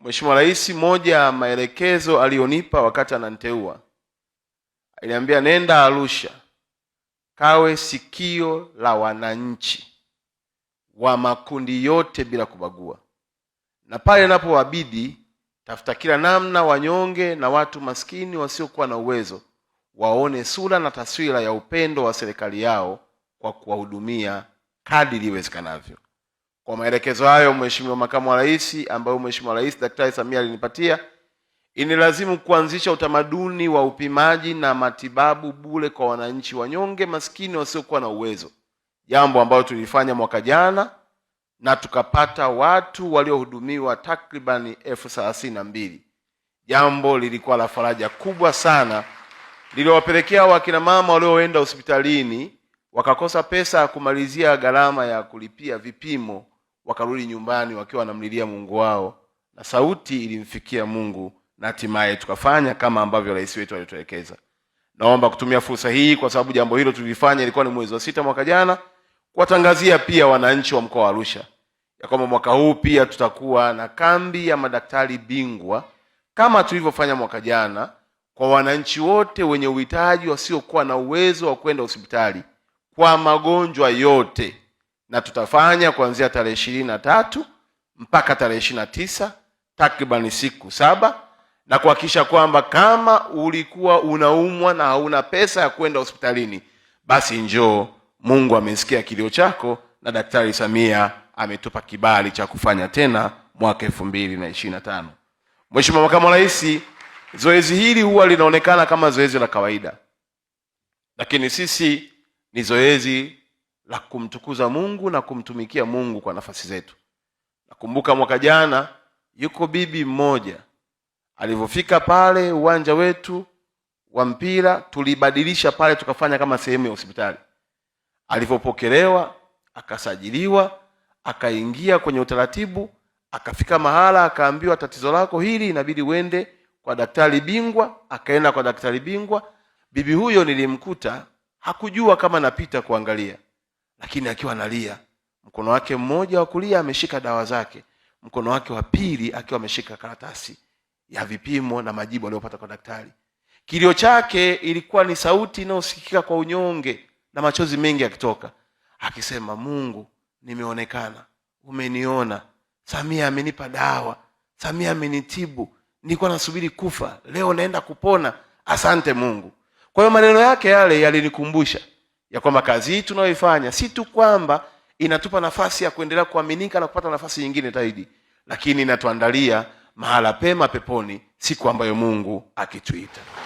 Mheshimiwa Rais, moja ya maelekezo aliyonipa wakati ananteua aliambia nenda Arusha kawe sikio la wananchi wa makundi yote bila kubagua, na pale inapowabidi tafuta kila namna wanyonge na watu maskini wasiokuwa na uwezo waone sura na taswira ya upendo wa serikali yao kwa kuwahudumia kadiri iwezekanavyo. Kwa maelekezo hayo, Mheshimiwa Makamu wa Rais, ambayo Mheshimiwa Rais Daktari Samia alinipatia, inilazimu kuanzisha utamaduni wa upimaji na matibabu bure kwa wananchi wanyonge maskini wasiokuwa na uwezo, jambo ambalo tulifanya mwaka jana na tukapata watu waliohudumiwa takribani elfu thelathini na mbili. Jambo lilikuwa la faraja kubwa sana, liliwapelekea wakina mama walioenda hospitalini wakakosa pesa ya kumalizia gharama ya kulipia vipimo wakarudi nyumbani wakiwa wanamlilia Mungu wao, na sauti ilimfikia Mungu na hatimaye tukafanya kama ambavyo rais wetu alituelekeza. Naomba kutumia fursa hii kwa sababu jambo hilo tulifanya, ilikuwa ni mwezi wa sita mwaka jana, kuwatangazia pia wananchi wa mkoa wa Arusha ya kwamba mwaka huu pia tutakuwa na kambi ya madaktari bingwa kama tulivyofanya mwaka jana kwa wananchi wote wenye uhitaji wasiokuwa na uwezo wa kwenda hospitali kwa magonjwa yote na tutafanya kuanzia tarehe ishirini na tatu mpaka tarehe ishirini na tisa takriban siku saba, na kuhakikisha kwamba kama ulikuwa unaumwa na hauna pesa ya kwenda hospitalini, basi njoo. Mungu amesikia kilio chako na Daktari Samia ametupa kibali cha kufanya tena mwaka elfu mbili na ishirini na tano. mweshimua Makamu wa Rais, zoezi hili huwa linaonekana kama zoezi la kawaida, lakini sisi ni zoezi la kumtukuza Mungu na kumtumikia Mungu kwa nafasi zetu. Nakumbuka mwaka jana, yuko bibi mmoja alivyofika pale uwanja wetu wa mpira, tulibadilisha pale tukafanya kama sehemu ya hospitali. Alivyopokelewa akasajiliwa, akaingia kwenye utaratibu, akafika mahala akaambiwa, tatizo lako hili, inabidi uende kwa daktari bingwa. Akaenda kwa daktari bingwa. Bibi huyo nilimkuta hakujua kama napita kuangalia lakini akiwa analia, mkono wake mmoja wa kulia ameshika dawa zake, mkono wake wa pili akiwa ameshika karatasi ya vipimo na majibu aliyopata kwa daktari. Kilio chake ilikuwa ni sauti inayosikika kwa unyonge na machozi mengi akitoka, akisema, Mungu, nimeonekana, umeniona. Samia amenipa dawa, Samia amenitibu, nilikuwa nasubiri kufa, leo naenda kupona. Asante Mungu. Kwa hiyo maneno yake yale yalinikumbusha ya kwamba kazi hii tunayoifanya si tu kwamba inatupa nafasi ya kuendelea kuaminika na kupata nafasi nyingine zaidi, lakini inatuandalia mahala pema peponi siku ambayo Mungu akituita.